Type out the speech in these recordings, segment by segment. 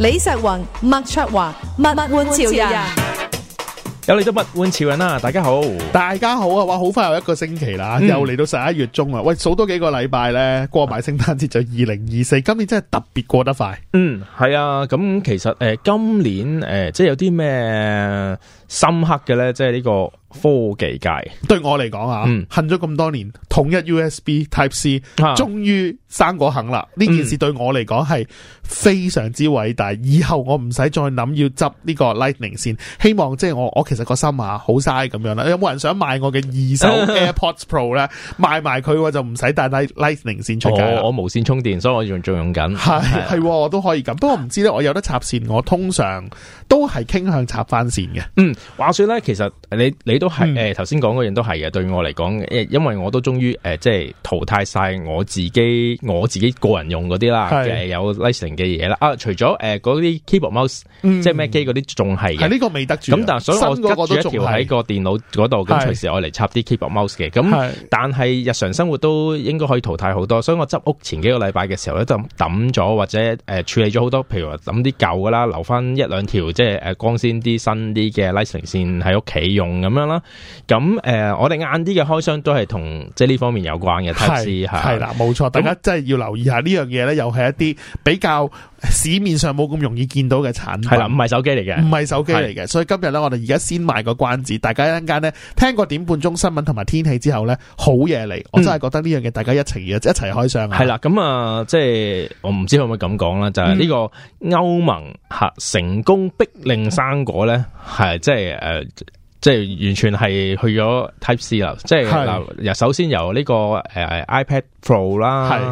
李石雲、麥卓華、物玩潮人，有你都物玩潮人啦！大家好，大家好啊！哇，好快又一個星期啦，又嚟到十一月中啦！嗯、喂，數多幾個禮拜咧，過埋聖誕節就二零二四，今年真係特別過得快。嗯，係啊，咁、嗯、其實誒、呃，今年誒、呃，即係有啲咩深刻嘅咧，即係、這、呢個。科技界對我嚟講啊，嗯、恨咗咁多年統一 USB Type C，哈終於生果肯啦！呢件事對我嚟講係非常之偉大，嗯、以後我唔使再諗要執呢個 Lightning 線。希望即係我我其實個心啊好嘥咁樣啦。有冇人想賣我嘅二手 AirPods Pro 咧？ 賣埋佢我就唔使帶 Lightning 線出街，哦。我無線充電，所以我仲仲用緊。係係是、嗯，我都可以咁。不過唔知咧，我有得插線，我通常。都係傾向插翻線嘅。嗯，話說咧，其實你你都係誒，頭先講嗰樣都係嘅。對我嚟講，誒，因為我都終於誒，即係淘汰晒我自己我自己個人用嗰啲啦，是有 Lightning 嘅嘢啦。啊，除咗誒嗰、呃、啲 keyboard mouse、嗯、即係 Mac 機嗰啲，仲係係呢個未得住咁，但係所以我拮住一條喺個電腦嗰度，咁隨時我嚟插啲 keyboard mouse 嘅。咁是但係日常生活都應該可以淘汰好多。所以我執屋前幾個禮拜嘅時候咧，就抌咗或者誒、呃、處理咗好多，譬如話抌啲舊噶啦，留翻一兩條。即係誒光鮮啲新啲嘅 Lightning 線喺屋企用咁樣啦，咁誒、呃、我哋晏啲嘅開箱都係同即係呢方面有關嘅，睇下係啦，冇的錯，那大家真係要留意下呢樣嘢咧，又係一啲比較，市面上冇咁容易見到嘅產品，係啦，唔係手機嚟嘅，唔係手機嚟嘅，的所以今日咧，我哋而家先賣個關子，大家一陣間咧聽過點半鐘新聞同埋天氣之後咧，好嘢嚟，嗯、我真係覺得呢樣嘢大家一齊一齊開箱係啦，咁啊、嗯，即係我唔知可唔可以咁講啦，就係、是、呢個歐盟吓成功逼令生果咧，係即係誒。即係完全係去咗 Type C 啦，即係首先由呢個誒 iPad Pro 啦是，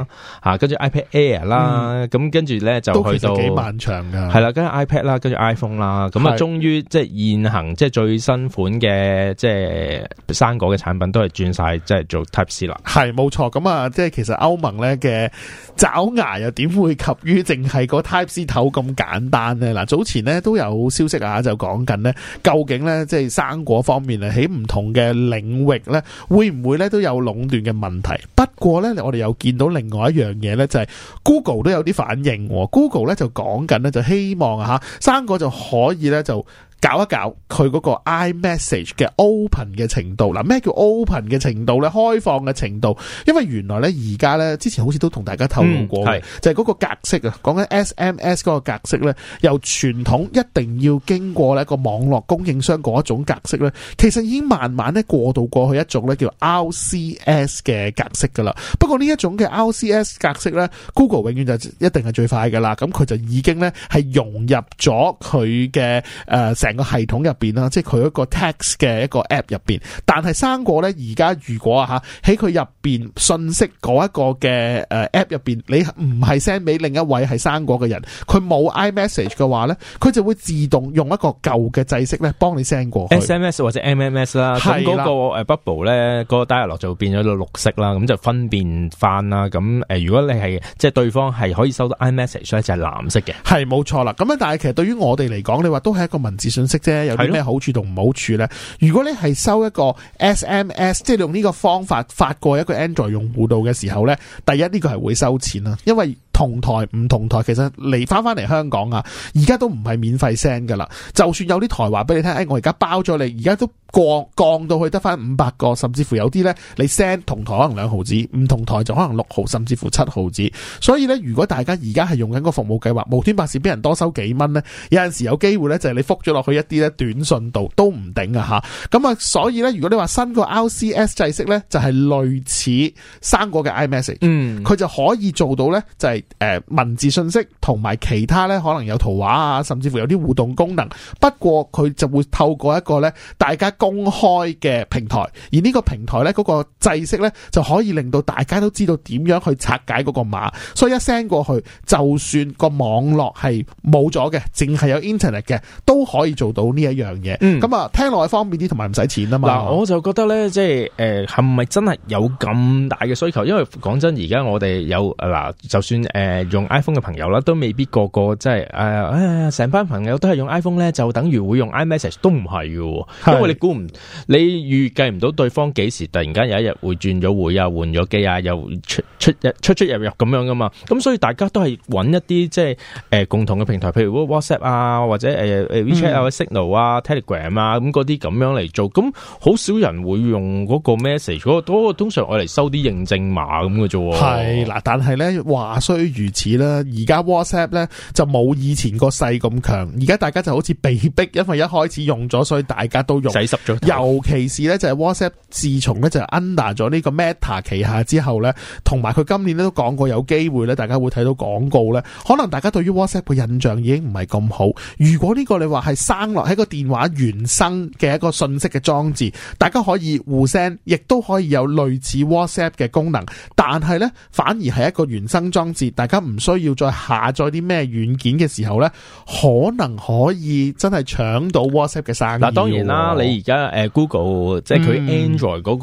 吓、嗯，跟住 iPad Air 啦，咁跟住咧就去到，都幾漫長㗎，係啦，跟住 iPad 啦，跟住 iPhone 啦，咁啊，終於即係現行即係最新款嘅即係生果嘅產品都係轉晒即係做 Type C 啦。係冇錯，咁啊，即係其實歐盟咧嘅爪牙又點會及於淨係個 Type C 頭咁簡單咧？嗱，早前咧都有消息啊，就講緊咧究竟咧即係生。果方面啊，喺唔同嘅領域咧，會唔會咧都有壟斷嘅問題？不過咧，我哋又見到另外一樣嘢咧，就係、是、Google 都有啲反應。Google 咧就講緊咧，就希望啊吓，生果就可以咧就。搞一搞佢嗰個 iMessage 嘅 open 嘅程度，嗱，咩叫 open 嘅程度咧？開放嘅程度，因為原來咧而家咧之前好似都同大家透露過嘅，就係嗰個格式啊，講緊 SMS 嗰個格式咧，由傳統一定要經過咧一個網絡供應商嗰一種格式咧，其實已經慢慢咧過渡過去一種咧叫 RCS 嘅格式噶啦。不過呢一種嘅 RCS 格式咧，Google 永遠就一定係最快噶啦，咁佢就已經咧係融入咗佢嘅誒成。成個系統入邊啦，即係佢一個 text 嘅一個 app 入邊，但係生果咧，而家如果吓喺佢入邊信息嗰一個嘅誒 app 入邊，你唔係 send 俾另一位係生果嘅人，佢冇 iMessage 嘅話咧，佢就會自動用一個舊嘅制式咧幫你 send 過 SMS 或者 MMS 啦、嗯。係咁嗰個誒 bubble 咧，嗰個 dialog 就會變咗綠色啦，咁就分辨翻啦。咁誒，如果你係即係對方係可以收到 iMessage 咧，age，就係藍色嘅。係，冇錯啦。咁樣，但係其實對於我哋嚟講，你話都係一個文字信息啫，有啲咩好處同唔好處咧？如果你係收一個 SMS，即係用呢個方法發過一個 Android 用戶度嘅時候咧，第一呢個係會收錢啦，因為。同台唔同台，其實嚟翻翻嚟香港啊，而家都唔係免費 send 噶啦。就算有啲台話俾你聽，誒，我而家包咗你，而家都降降到去得翻五百個，甚至乎有啲咧，你 send 同台可能兩毫子，唔同台就可能六毫，甚至乎七毫子。所以咧，如果大家而家係用緊個服務計劃，無端白事俾人多收幾蚊咧，有陣時有機會咧，就係你覆咗落去一啲咧短訊度都唔頂啊嚇。咁啊，所以咧，如果你話新個 RCS 制式咧，就係類似生果嘅 iMessage，嗯，佢就可以做到咧，就係。誒，文字信息同埋其他呢，可能有圖畫啊，甚至乎有啲互動功能。不過佢就會透過一個呢大家公開嘅平台，而呢個平台呢，嗰個制式呢，就可以令到大家都知道點樣去拆解嗰個碼。所以一 send 過去，就算個網絡係冇咗嘅，淨係有 internet 嘅，都可以做到呢一樣嘢。咁啊、嗯，聽落去方便啲，同埋唔使錢啊嘛。嗱，我就覺得呢，即係誒，係、呃、係咪真係有咁大嘅需求？因為講真，而家我哋有嗱，就算。呃誒、呃，用 iPhone 嘅朋友啦，都未必個個即係誒誒，成、呃、班朋友都係用 iPhone 咧，就等於會用 iMessage 都唔係嘅，因為你估唔，你預計唔到對方幾時突然間有一日會轉咗會啊，換咗機啊，又出出入出出，出入入咁樣噶嘛，咁所以大家都係揾一啲即係誒、呃、共同嘅平台，譬如 WhatsApp 啊，或者誒、呃、WeChat 啊、Signal、嗯、啊、Telegram 啊，咁嗰啲咁樣嚟做，咁好少人會用嗰個 message，嗰個通常我嚟收啲認證碼咁嘅啫。係嗱，但係咧話雖。哇，所以如此啦，而家 WhatsApp 咧就冇以前個勢咁強。而家大家就好似被逼，因為一開始用咗，所以大家都用。洗濕咗。尤其是咧，就係 WhatsApp，自從咧就 under 咗呢個 Meta 旗下之後咧，同埋佢今年咧都講過有機會咧，大家會睇到廣告咧。可能大家對於 WhatsApp 嘅印象已經唔係咁好。如果呢個你話係生落喺個電話原生嘅一個信息嘅裝置，大家可以互 send，亦都可以有類似 WhatsApp 嘅功能，但係咧反而係一個原生裝置。大家唔需要再下載啲咩軟件嘅時候咧，可能可以真係搶到 WhatsApp 嘅生意。嗱，當然啦，你而家誒 Google 即係佢 Android 嗰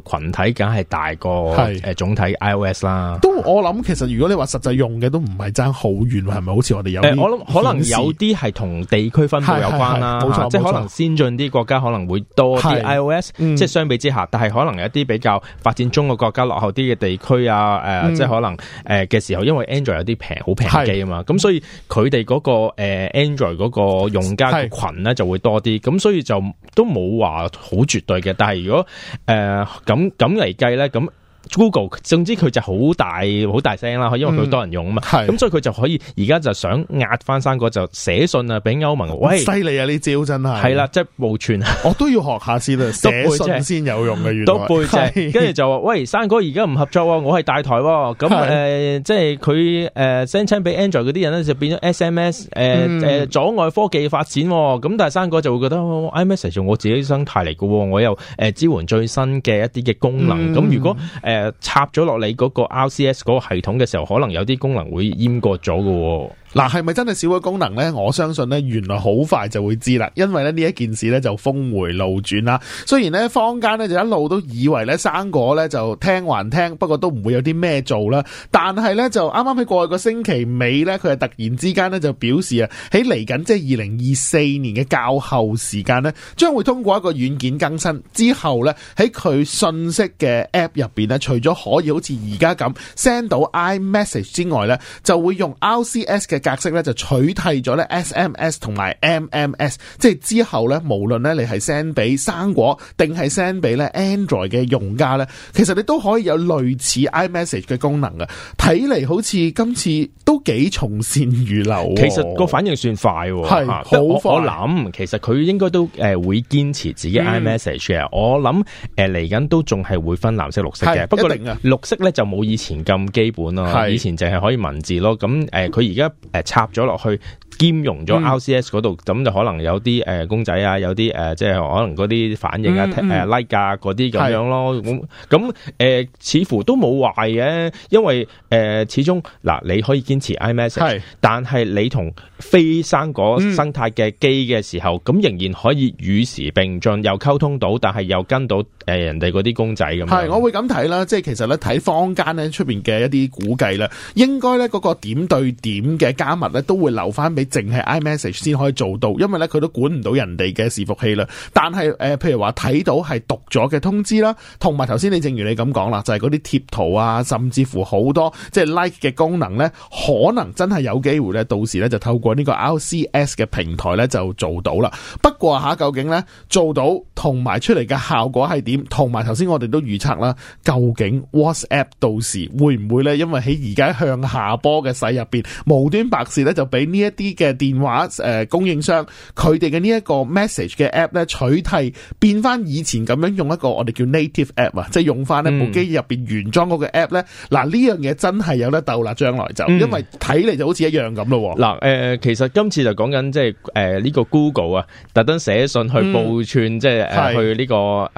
個群體，梗係大過誒是、呃、總體 iOS 啦。都我諗，其實如果你話實際用嘅都唔係爭好遠，係咪？好似我哋有誒，我諗可能有啲係同地區分布有關啦。冇錯，啊、即係可能先進啲國家可能會多啲 iOS、嗯、即係相比之下，但係可能有一啲比較發展中嘅國家落後啲嘅地區啊，誒、呃，嗯、即係可能誒嘅、呃、時候。因為 Android 有啲平，好平機啊嘛，咁是所以佢哋嗰個誒、呃、Android 嗰個用家嘅群咧是就會多啲，咁所以就都冇話好絕對嘅。但係如果誒咁咁嚟計咧，咁、呃。Google，總之佢就好大好大聲啦，因為佢多人用啊嘛，咁、嗯嗯、所以佢就可以而家就想壓翻生哥，就寫信啊，俾歐盟，喂，犀利啊！呢招真係係啦，即係、就是、無存，我都要學下先，寫信先有用嘅原嚟來，跟住是就話，喂，生哥而家唔合作喎、哦，我係大台喎、哦，咁是、呃、即係佢誒聲、呃、稱俾 Android 嗰啲人咧就變咗 SMS，誒阻礙科技發展、哦，咁但係生哥就會覺得、哦、iMessage 我自己生態嚟嘅、哦，我又誒、呃、支援最新嘅一啲嘅功能，咁、嗯、如果、呃插咗落你嗰個 RCS 嗰個系統嘅時候，可能有啲功能會閹割咗嘅。嗱，係咪真係少嘅功能咧？我相信咧，原來好快就會知啦，因為咧呢一件事咧就峰迴路轉啦。雖然咧坊間咧就一路都以為咧生果咧就聽還聽，不過都唔會有啲咩做啦。但係咧就啱啱喺過去個星期尾咧，佢係突然之間咧就表示啊，喺嚟緊即係二零二四年嘅較後時間咧，將會通過一個軟件更新之後咧，喺佢信息嘅 App 入邊咧，除咗可以好似而家咁 send 到 iMessage 之外咧，就會用 RCS 嘅。格式咧就取替咗咧 SMS 同埋 MMS，即係之後咧，無論咧你係 send 俾生果，定係 send 俾咧 Android 嘅用家咧，其實你都可以有類似 iMessage 嘅功能嘅。睇嚟，好似今次都幾從善如流。哦，其實個反應算快。哦，係好快。我諗其實佢應該都誒、呃、會堅持自己 iMessage 嘅。嗯、我諗誒嚟緊都仲係會分藍色、綠色嘅，不過綠色咧就冇以前咁基本咯。是以前淨係可以文字咯。咁、呃、誒，佢而家。誒，插咗落去，兼容咗 RCS 嗰度，咁、嗯、就可能有啲誒、呃、公仔啊，有啲誒、呃、即係可能嗰啲反應啊，誒、嗯呃、like 嗰啲咁樣咯。咁咁誒，似乎都冇壞嘅，因為誒、呃、始終嗱，你可以堅持 iMessage，係，但係你同非生果生態嘅機嘅時候，咁、嗯、仍然可以與時並進，又溝通到，但係又跟到。誒，人哋嗰啲公仔咁，係我會咁睇啦，即係其實咧睇坊間咧出邊嘅一啲估計啦，應該咧嗰個點對點嘅加密咧都會留翻俾淨係 iMessage 先可以做到，因為咧佢都管唔到人哋嘅伺服器啦。但係誒、呃，譬如話睇到係讀咗嘅通知啦，同埋頭先你正如你咁講啦，就係嗰啲貼圖啊，甚至乎好多即係 like 嘅功能咧，可能真係有機會咧，到時咧就透過呢個 RCS 嘅平台咧就做到啦。不過下究竟咧做到同埋出嚟嘅效果係點？同埋，頭先我哋都預測啦，究竟 WhatsApp 到時會唔會咧？因為喺而家向下波嘅勢入邊，無端白事咧，就俾呢一啲嘅電話誒、呃、供應商佢哋嘅呢一個 message 嘅 app 咧取替，變翻以前咁樣用一個我哋叫 native app, app、嗯、啊，即係用翻呢部機入邊原裝嗰個 app 咧。嗱呢樣嘢真係有得鬥啦，將來就因為睇嚟就好似一樣咁咯。嗱誒、嗯，其實今次就講緊即係誒呢個 Google 啊，特登寫信去報串，嗯、即係、呃、是去呢個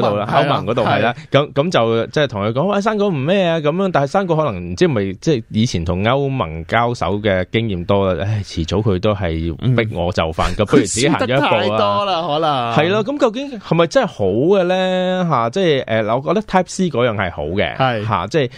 歐盟嗰度係啦，咁咁就即係同佢講，喂、哎，生果唔咩啊？咁樣，但係生果可能唔知咪即係以前同歐盟交手嘅經驗多啦。唉，遲早佢都係逼我就範。咁、嗯、不如自己行咗一步、啊、太多可能係啦，咁究竟係咪真係好嘅咧？吓、啊，即係誒，嗱、呃，我覺得 Type C 嗰樣係好嘅，吓的，即係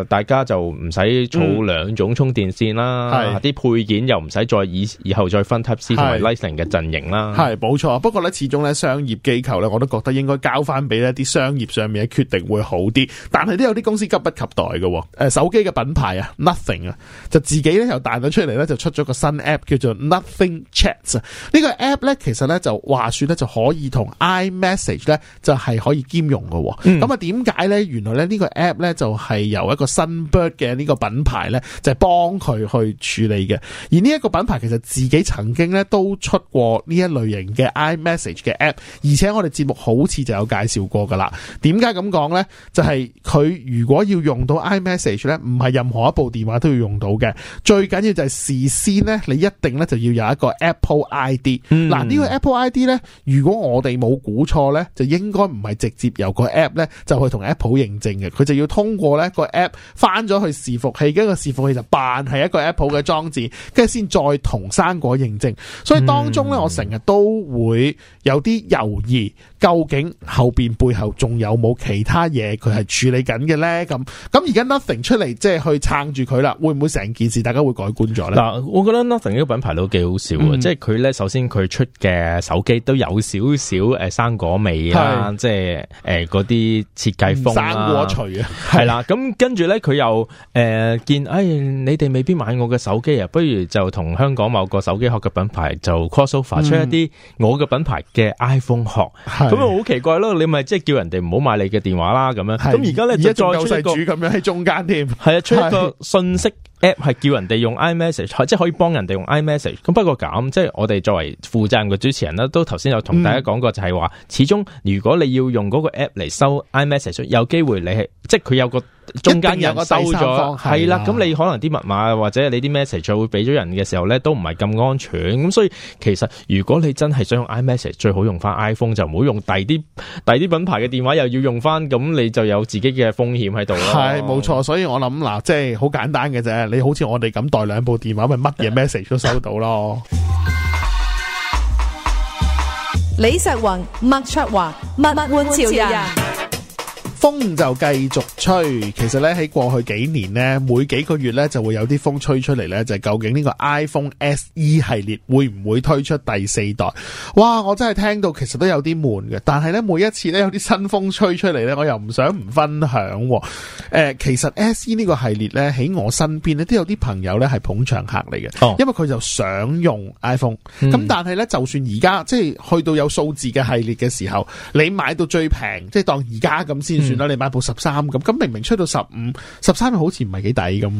誒，大家就唔使儲兩種充電線啦，啲、嗯啊、配件又唔使再以以後再分 Type C 同埋 Lightning 嘅陣營啦。係冇錯，不過咧始終咧商業機構咧，我都覺得應該加。交翻俾呢啲商業上面嘅決定會好啲，但係都有啲公司急不及待嘅。誒、呃，手機嘅品牌啊，Nothing 啊，就自己咧又彈咗出嚟咧，就出咗個新 app 叫做 Nothing Chats。呢、這個 app 咧其實咧就話說咧就可以同 iMessage 咧就係、是、可以兼容嘅。咁啊、嗯，點解咧？原來咧呢個 app 咧就係由一個 Sunbird 嘅呢個品牌咧就幫、是、佢去處理嘅。而呢一個品牌其實自己曾經咧都出過呢一類型嘅 iMessage 嘅 app，而且我哋節目好似就。有介紹過噶啦，點解咁講呢？就係、是、佢如果要用到 iMessage 呢，唔係任何一部電話都要用到嘅。最緊要就係事先呢，你一定呢就要有一個 Apple ID。嗱、嗯，呢、啊呢個 Apple ID 呢，如果我哋冇估錯呢，就應該唔係直接由個 app 呢，就去同 Apple 認證嘅。佢就要通過呢個 app 翻咗去伺服器，跟個伺服器就扮係一個 Apple 嘅裝置，跟住先再同生果認證。所以當中呢，我成日都會有啲猶豫，究竟。後邊背後仲有冇其他嘢，佢係處理緊嘅咧？咁咁而家 Nothing 出嚟即係去撐住佢啦，會唔會成件事大家會改觀咗咧？嗱，我覺得 Nothing 呢個品牌都幾好笑啊！嗯、即係佢咧，首先佢出嘅手機都有少少誒生果味啊，是 即係誒啲設計風生果除啊，係啦、啊，咁的、嗯、跟住咧佢又誒、呃、見，哎你哋未必買我嘅手機啊，不如就同香港某個手機殼嘅品牌就 CoSoFar 出一啲我嘅品牌嘅 iPhone 殼，咁啊好奇怪。你咪即係叫人哋唔好買你嘅電話啦，咁樣。咁而家咧，而家再有個主咁樣喺中間添。係啊，出一個信息 app 係叫人哋用 iMessage，是即係可以幫人哋用 iMessage。咁不過咁，即係我哋作為負責任嘅主持人咧，都頭先有同大家講過就，就係話，始終如果你要用嗰個 app 嚟收 iMessage，有機會你係即係佢有個。中間有人收咗，係啦。咁 la、嗯、你可能啲密碼或者你啲 message 就會俾咗人嘅時候咧，都唔係咁安全。咁、嗯、所以其實如果你真係想用 iMessage，最好用翻 iPhone，就唔好用第啲第啲品牌嘅電話，又要用翻，咁你就有自己嘅風險喺度咯。係，冇錯。所以我諗嗱，即係好簡單嘅啫。你好似我哋咁帶兩部電話，咪乜嘢 message 都收到咯。 李石雲、麥卓華、物玩潮人。風就繼續吹，其實呢，喺過去幾年呢，每幾個月呢，就會有啲風吹出嚟呢，就係、是、究竟呢個 iPhone SE 系列會唔會推出第四代？哇，我真係聽到其實都有啲悶嘅，但係呢，每一次呢，有啲新風吹出嚟呢，我又唔想唔分享。誒、呃，其實 SE 呢個系列呢，喺我身邊呢，都有啲朋友呢係捧場客嚟嘅，因為佢就想用 iPhone，咁、嗯、但係呢，就算而家即係去到有數字嘅系列嘅時候，你買到最平，即係當而家咁先。嗯你買部十三咁，咁明明出到十五，十三好似唔係幾抵咁。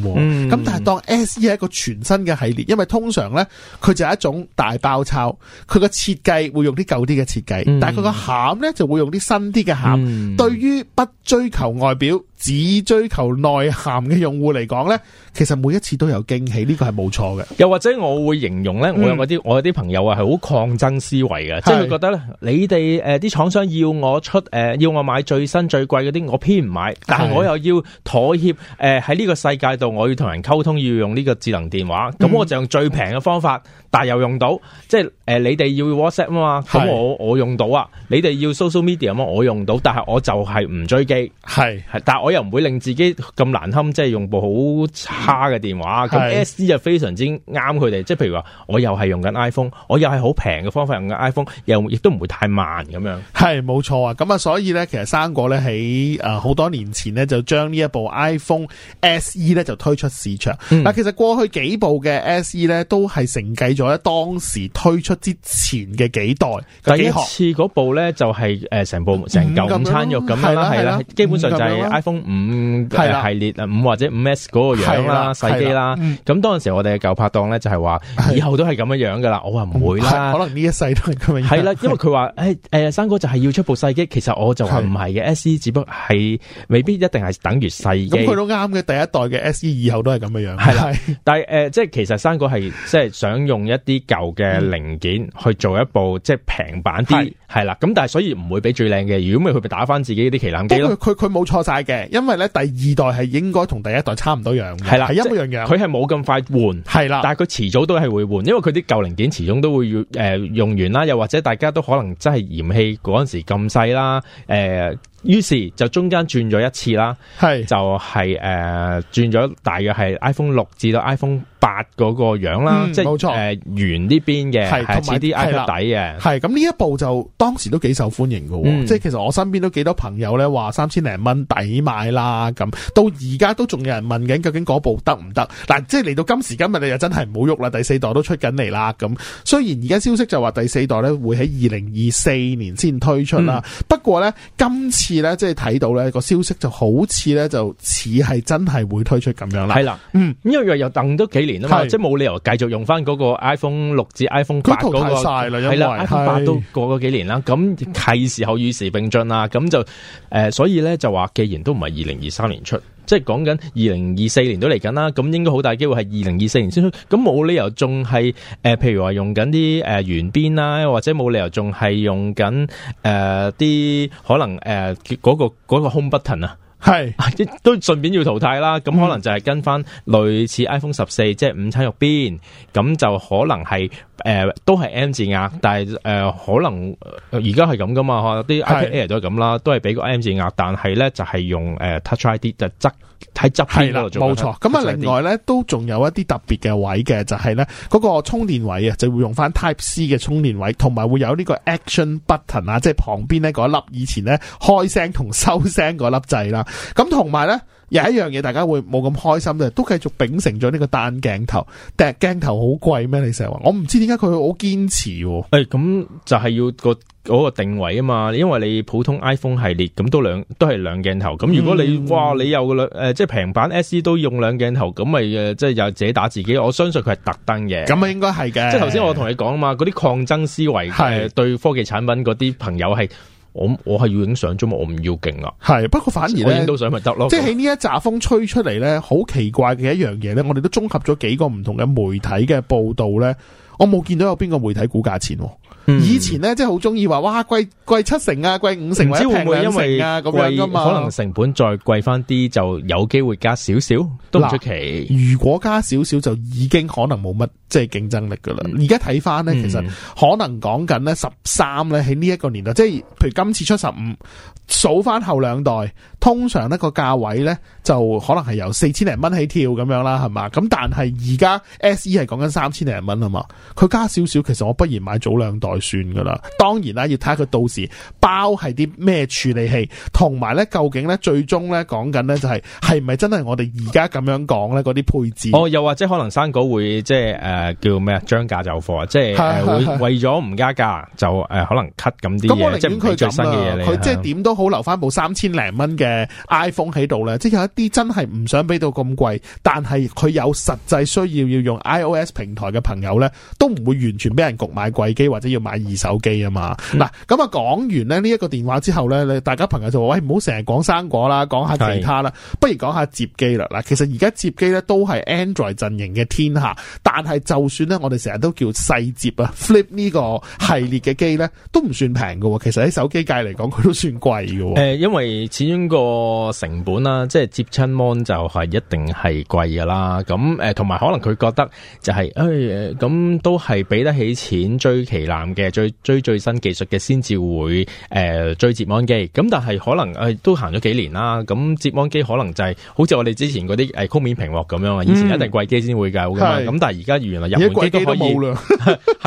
咁但係當 S E 係一個全新嘅系列，因為通常呢，佢就係一種大包抄，佢個設計會用啲舊啲嘅設計，但佢個餡呢就會用啲新啲嘅餡。嗯、對於不追求外表，只追求內涵嘅用戶嚟講呢，其實每一次都有驚喜，呢個係冇錯嘅。又或者我會形容呢、嗯，我有啲我有啲朋友啊係好抗爭思維嘅，是即係佢覺得呢，你哋啲、呃、廠商要我出、呃、要我買最新最貴。嗰啲我偏唔買，但係我又要妥協。誒、呃，喺呢個世界度，我要同人溝通，要用呢個智能電話。咁我就用最平嘅方法，但係又用到。即係誒、呃、你哋要 WhatsApp 啊嘛，咁我是我用到啊。你哋要 social media 啊嘛，我用到，但係我就係唔追機，係是，但係我又唔會令自己咁難堪，即係用部好差嘅電話。咁 S 一就非常之啱佢哋。即係譬如話我又係用緊 iPhone，我又係好平嘅方法用緊 iPhone，又亦都唔會太慢咁樣是，係冇錯啊。咁啊，所以咧，其實生果咧係。誒，好多年前呢，就將呢一部 iPhone SE 咧，就推出市場。嗱，其實過去幾部嘅 SE 咧都係承繼咗當時推出之前嘅幾代。第一次嗰部咧就係誒成部成舊午餐肉咁樣，係啦，係啦，基本上就係 iPhone 五系列，五或者五 S 嗰個樣啦，細機啦。咁當時我哋嘅舊拍檔咧就係話以後都係咁樣樣噶啦，我話唔會啦，可能呢一世都係咁樣。係啦，因為佢話誒誒生哥就係要出部細機，其實我就話唔係嘅，SE 只不係未必一定係等於細，咁佢都啱嘅。第一代嘅 SE 以後都係咁嘅樣，係啦。是但係誒、呃，即係其實生果係即係想用一啲舊嘅零件去做一部、嗯、即係平版啲，係是啦。咁但係所以唔會俾最靚嘅。如果唔係佢咪打翻自己啲旗艦機咯。佢佢冇錯晒嘅，因為咧第二代係應該同第一代差唔多樣嘅，係啦，一樣樣是。佢係冇咁快換，係啦。但係佢遲早都係會換，因為佢啲舊零件始終都會要誒、呃、用完啦。又或者大家都可能真係嫌棄嗰陣時咁細啦，誒、呃。於是就中間轉咗一次啦，是就係誒轉咗大約係 iPhone 六至到 iPhone 八個樣啦，嗯、即係冇錯，誒圓呢邊嘅，同埋啲壓底嘅，係咁呢一部就當時都幾受歡迎喎、啊，嗯、即係其實我身邊都幾多朋友咧話三千零蚊抵買啦，咁到而家都仲有人問緊究竟嗰部得唔得？嗱，即係嚟到今時今日，你就真係唔好喐啦，第四代都出緊嚟啦，咁雖然而家消息就話第四代咧會喺二零二四年先推出啦，嗯、不過咧今次咧即係睇到咧個消息就好似咧就似係真係會推出咁樣啦，係啦的，嗯，因為又又等咗幾年。是即係冇理由繼續用翻嗰個 iPhone 六至 iPhone 八嗰，那個，係啦的，iPhone 八都過咗幾年啦，咁係的時候與時並進啦，咁就誒、呃，所以咧，就話，既然都唔係二零二三年出，即係講緊二零二四年都嚟緊啦，咁應該好大機會係二零二四年先出，咁冇理由仲係誒，譬如話用緊啲誒圓邊啦，或者冇理由仲係用緊誒啲可能誒嗰、呃那個 Home button 啊。那個 home button。係，即是都順便要淘汰啦。咁可能就係跟翻類似 iPhone 十四，即係午餐肉邊，咁就可能係。誒、呃，都係 M 字額，但係誒、呃，可能而家係咁噶嘛？吓，啲 iPad Air 都係咁啦，都係俾個 M 字額，但係咧就係、是、用誒、呃、Touch ID 就側喺側邊度做冇錯，咁啊，Touch 另外咧都仲有一啲特別嘅位嘅，就係咧嗰個充電位啊，就會用翻 Type C 嘅充電位，同埋會有呢個 Action Button 啊，即係旁邊咧嗰粒以前咧開聲同收聲嗰粒掣啦，咁同埋咧。有一樣嘢大家會冇咁開心嘅，都繼續秉承咗呢個單鏡頭，但鏡頭好貴咩？你成日話，我唔知點解佢好堅持、啊。誒、欸，咁就係要個嗰個定位啊嘛，因為你普通 iPhone 系列咁都兩都係兩鏡頭，咁如果你、嗯、哇你有兩誒、呃、即係平板 SE 都用兩鏡頭，咁咪、呃、即係有自己打自己。我相信佢係特登嘅，咁啊應該係嘅。即係頭先我同你講啊嘛，嗰啲抗爭思維係的、呃、對科技產品嗰啲朋友係。我我係要影相啫嘛，我唔要勁啊。係，不過反而呢我影到相咪得咯。即係喺呢一扎風吹出嚟咧，好奇怪嘅一樣嘢咧。我哋都綜合咗幾個唔同嘅媒體嘅報道咧，我冇見到有邊個媒體估價錢。嗯、以前咧，即係好中意話，哇，貴貴七成啊，貴五成或者兩成啊，咁樣噶嘛。可能成本再貴翻啲，就有機會加少少。都唔出奇。如果加少少，就已經可能冇乜即係競爭力噶啦。而家睇翻咧，呢嗯、其實可能講緊咧十三咧，喺呢一個年代，即係譬如今次出十五。數翻後兩代，通常呢、呢個價位呢，就可能係由四千零蚊起跳咁樣啦，係嘛？咁但係而家 SE 係講緊三千零蚊啊嘛，佢加少少，其實我不如買早兩代算噶啦。當然啦，要睇下佢到時包係啲咩處理器，同埋呢，究竟呢，最終呢，講緊呢，就係係咪真係我哋而家咁樣講呢嗰啲配置？哦，又或者可能生果會即係誒叫咩啊？將價就貨啊？即係為咗唔加價就誒可能 cut 咁啲嘢，係係係，即係最新嘅嘢佢即係點都。保留翻部三千零蚊嘅 iPhone 喺度咧，即係有一啲真係唔想俾到咁貴，但係佢有實際需要要用 iOS 平台嘅朋友咧，都唔會完全俾人焗買貴機或者要買二手機啊嘛。嗱、嗯，咁啊講完咧呢一個電話之後咧，你大家朋友就話喂，唔好成日講生果啦，講下其他啦，是不如講下接機啦。嗱，其實而家接機咧都係 Android 陣營嘅天下，但係就算咧我哋成日都叫細接啊 Flip 呢個系列嘅機咧，都唔算平噶。其實喺手機界嚟講，佢都算貴。誒、嗯，因為始終個成本是是是啦，即係接親 n 就係一定係貴噶啦。咁誒，同埋可能佢覺得就係、是、誒、咁、哎、都係俾得起錢追旗艦嘅，追追最新技術嘅，先至會誒追接安機。咁但係可能誒、哎、都行咗幾年啦。咁接安機可能就係、是、好似我哋之前嗰啲誒曲面屏幕咁樣啊。嗯、以前一定貴機先會噶嘛。咁是但係而家原來入門機都可以。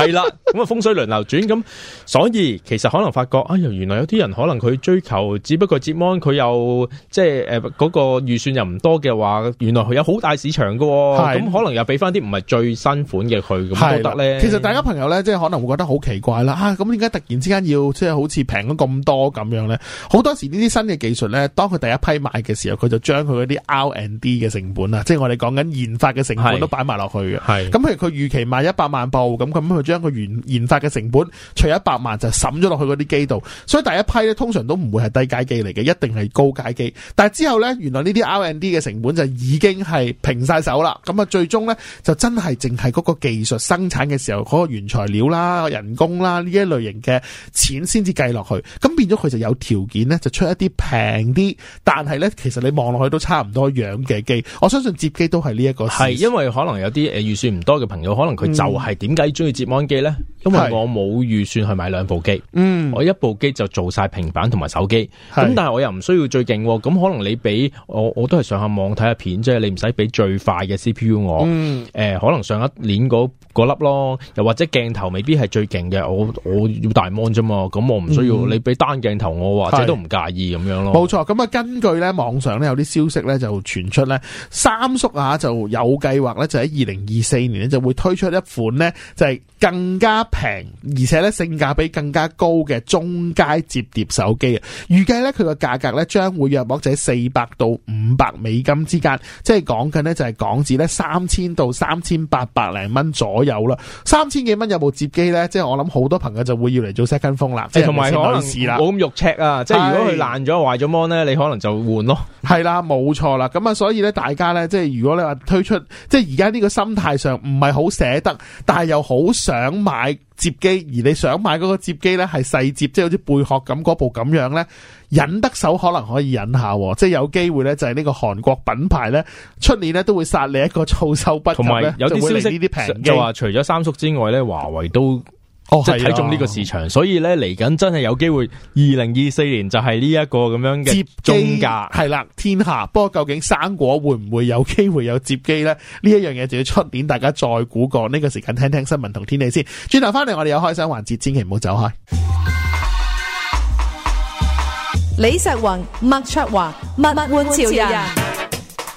係啦，咁 啊 風水輪流轉。咁所以其實可能發覺哎又原來有啲人可能佢追求，只不過捷安佢又即係誒嗰個預算又唔多嘅話，原來佢有好大市場嘅喎、哦，咁的可能又俾翻啲唔係最新款嘅佢，咁我覺得咧。的呢其實大家朋友咧，即係可能會覺得好奇怪啦，嚇咁點解突然之間要即係好似平咗咁多咁樣咧？好多時呢啲新嘅技術咧，當佢第一批賣嘅時候，佢就將佢嗰啲 R&D 嘅成本啊，即係我哋講緊研發嘅成本的都擺埋落去嘅。係咁的，譬如佢預期賣一百萬部咁，咁佢將佢研研發嘅成本除一百萬就審咗落去嗰啲機度，所以第一批咧通常都唔。會係低階機嚟嘅，一定係高階機。但係之後呢，原來呢啲 R&D 嘅成本就已經係平晒手啦。咁啊，最終呢，就真係淨係嗰個技術生產嘅時候，嗰個原材料啦、人工啦呢一類型嘅錢先至計落去。咁變咗佢就有條件呢，就出一啲平啲，但係呢，其實你望落去都差唔多樣嘅機。我相信摺機都係呢一個係，因為可能有啲誒預算唔多嘅朋友，可能佢就係點解中意摺芒機呢？因為我冇預算去買兩部機，嗯，我一部機就做晒平板同埋手機。機咁，但係我又唔需要最勁，咁可能你俾我，我都係上下網睇下片，即係你唔使俾最快嘅 CPU 我，誒、嗯呃，可能上一年嗰粒咯，又、那個、或者鏡頭未必係最勁嘅，我我要大 mon 啫嘛。咁我唔需要、嗯、你俾單鏡頭我，或者都唔介意咁、嗯、樣咯。冇錯，咁啊，根據咧網上咧有啲消息咧就傳出咧，三叔啊就有計劃咧，就喺二零二四年咧就會推出一款咧就係更加平，而且咧性價比更加高嘅中階折疊手機啊。預計咧，佢個價格咧將會約莫在四百到五百美金之間，即係講緊咧就係港紙咧三千到三千八百零蚊左右啦，三千幾蚊有冇接機？咧，即係我諗好多朋友就會要嚟做 second phone 啦，即係同埋可能冇咁肉赤啊，的即係如果佢爛咗壞咗 mon 咧，你可能就換咯，係啦，冇錯啦，咁啊，所以咧，大家咧，即係如果你話推出，即係而家呢個心態上唔係好捨得，但係又好想買。接機，而你想買嗰個接機咧，係細接，即係好似貝殼咁嗰部咁樣咧，忍得手可能可以忍下，即係有機會咧，就係呢個韓國品牌咧，出年咧都會殺你一個措手不及，同埋有啲消息就會令呢啲平。就話除咗三叔之外咧，華為都。哦，就係睇中呢個市場，是的 所以咧嚟緊真係有機會，二零二四年就係呢一個咁樣嘅摺中價，係啦天下。不過究竟生果會唔會有機會有摺機咧？呢一樣嘢就要出年大家再估過。呢、這個時間聽聽新聞同天氣先。轉頭翻嚟，我哋有開箱環節，千祈唔好走開。李石宏、麥卓華、物玩潮人。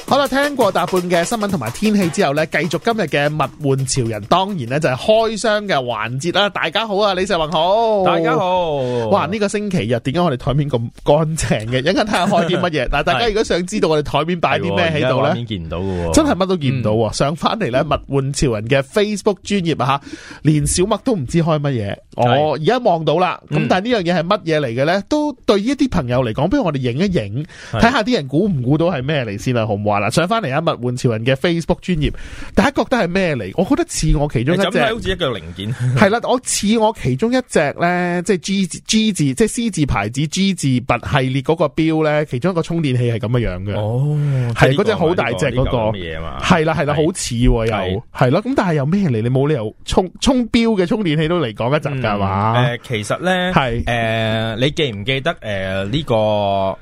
好啦，聽過大半嘅新聞同埋天氣之後咧，繼續今日嘅物換潮人，當然咧就係開箱嘅環節啦。大家好啊，李世宏，好，大家好。哇，呢、這個星期日點解我哋台面咁乾淨嘅？一陣間睇下開啲乜嘢。嗱， 大家如果想知道我哋台面擺啲咩喺度咧，哦、見到真係乜都見唔到。嗯、上翻嚟咧，物換、嗯、潮人嘅 Facebook 專頁啊，吓，連小麥都唔知開乜嘢。哦，而家望到啦，咁、嗯、但係呢樣嘢係乜嘢嚟嘅咧？都對於一啲朋友嚟講，不如我哋影一影，睇下啲人估唔估到係咩嚟先啊？好唔好嗱，上翻嚟呀，物玩潮人嘅 Facebook 專頁，大家覺得係咩嚟？我覺得似我其中一隻，好似一個零件。係啦，我似我其中一隻咧，即係 G G 字，即係 C 字牌子 G 字拔系列嗰個表咧，其中一個充電器係咁嘅樣嘅。哦，係嗰隻好大隻嗰個嘢嘛。係啦，係啦，好似又係咯。咁但係又咩嚟？你冇理由充充表嘅充電器都嚟講一集噶嘛？誒，其實咧，係誒，你記唔記得誒呢個